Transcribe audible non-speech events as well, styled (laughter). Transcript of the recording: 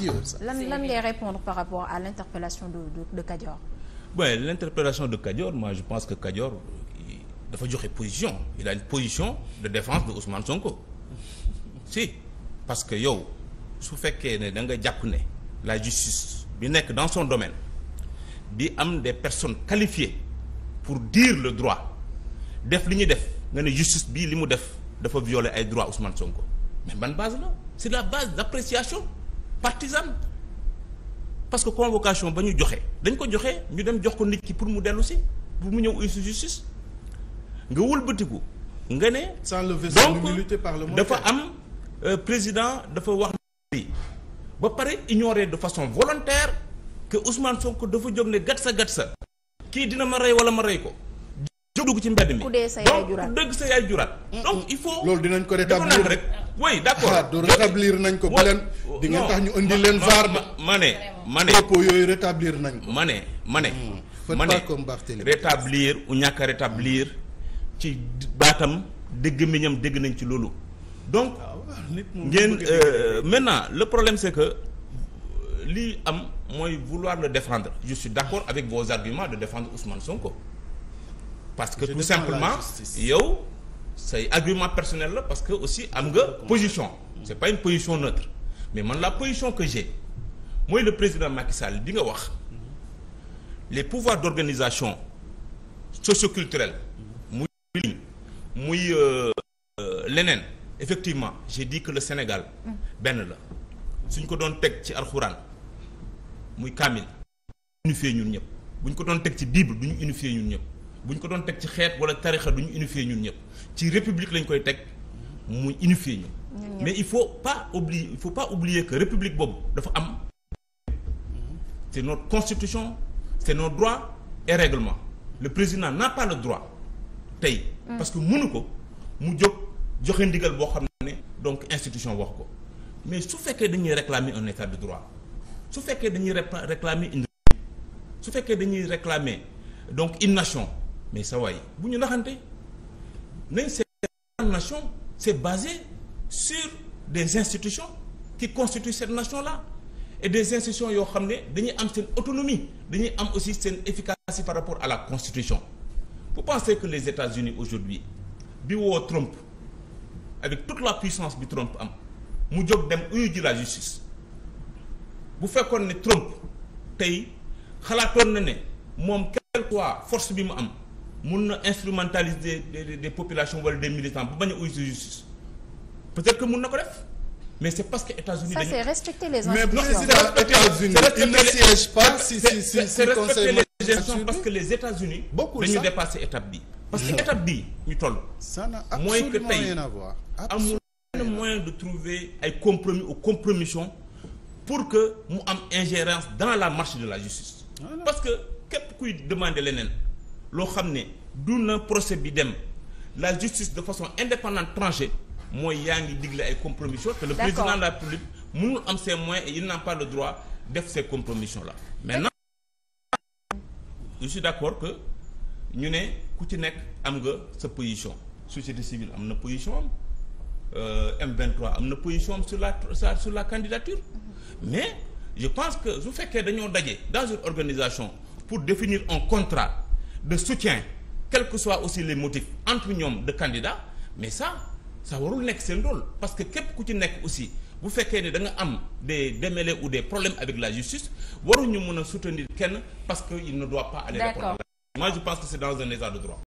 dur lan lan ngay répondre par rapport à l'interpellation de de de Kadior. Ouais, l'interpellation de Kadior moi je pense que Kadior dafa joxe position il a une position de défense de Ousmane Sonko (laughs) si parce que yow su fekkee ne da nga jàpp ne la justice bi nekk dans son domaine di am des personnes qualifiées pour dire le droit def li ñuy def nga ne justice bii li mu def dafa violer ay droits Ousmane Sonko mais ban base la c'est la base d'appréciation partisane parce que convocation ba ñu joxe dañ ko joxe ñu dem jox ko nit ki pour mu dellu si pour mu ñëw si justice nga wëlbatiku nga ne. sans lever l'immunité parlementaire donc dafa am euh, président dafa wax. ba pare ignorer de façon volontaire que Ousmane Sonko dafa jóg ne sa gatsa sa kii dina ma rey wala ma rey ko. jóg dugg ci mbedd mi donc dëgg sa yaay juraat. donc il faut. loolu dinañ ko rétablir rek. waaye d'accord ah, du rétablir nañ ko. bu leen di ngeen tax ñu indi leen. vaar ma ne ma ne propos yooyu rétablir nañ ko. ma ne ma ne. Hmm. ma ne rétablir u ñàkk a rétablir ci baatam dégg miñam dégg nañ ci loolu. donc ah ngeen euh, maintenant le problème c'est que euh, lii am mooy vouloir le défendre je suis d'accord avec vos arguments de défendre Ousmane ko parce que tout simplement yow. say agriment personnel la parce que aussi am nga position c'est pas une position neutre mais man la position que j'ai mooy le président Macky Sall bi nga wax les pouvoirs d'organisation socioculturelle muy ligne muy euh, euh, leneen effectivement j'ai dit que le Sénégal benn la suñ ko doon teg ci alxuraan muy kaamil unifié ñun ñëpp buñ ko doon teg ci bible ñu unifier ñun ñëpp bu ñu ko doon teg ci xeet wala tarixa du ñu unifier ñun ñëpp ci république lañ koy teg mu unifier ñu. mais il faut pas oublier il faut pas oublier que république boobu dafa am. c'est notre constitution c'est nos droits et règlements le président n'a pas le droit tey. Mm. parce que mënu ko mu jóg joxe ndigal boo xam ne donc institution wax ko mais su fekkee dañuy réclamer un état de droit su fekkee dañuy réclamer une su fekkee dañuy réclamer donc une nation. mais sa waay bu ñu naxante nañ seet nation c'est basé sur des institutions qui constituent cette nation-là et des institutions yoo xam ne dañuy am seen autonomie dañuy am aussi seen efficacité par rapport à la constitution vous pensez que les États-Unis aujourd'hui bi woo Trump avec toute la puissance bi Trump am mu jóg dem uyu ji la justice bu fekkoon ne Trump tey xalaatoon na ne moom quelque fois force bi mu am mun na instrumentaliser des des population wala de militants bu bañ a justice peut-être que mun na ko def mais c'est parce que États-Unis dañu. ça c'est respecter les institutions mais président États-Unis il ne siège pas si si si parce que États-Unis dañu dépasser étape bi. parce que étape bi ñu toll. ça n'a absolument rien à voir mooy que tey amul moyen de trouver ay compromis ou compromission pour que mu am ingérence dans la marche de la justice. parce que képp kuy demander leneen. loo xam ne du na procès bi dem la justice de façon indépendante tranché mooy yaa ngi digle ay compromission te le président la République munul am se moyens et il n'a pas le droit def ces compromissions là maintenant je suis d'accord que ñu ne ku ci nekk am nga sa position société civile am na position am euh, M23 am na position am sur la sur la candidature mais je pense que su fekkee dañoo daje dans une organisation pour définir un contrat de soutien quels soit aussi les motifs entre ñoom de candidats mais ça ça warul nekk seen rôle parce que képp ku ci nekk aussi bu fekkee ne da nga am des démêlés ou des problèmes avec la justice waruñu mun a soutenir kenn parce que il ne doit pas aller répondre moi je pense que c'est dans un état de droit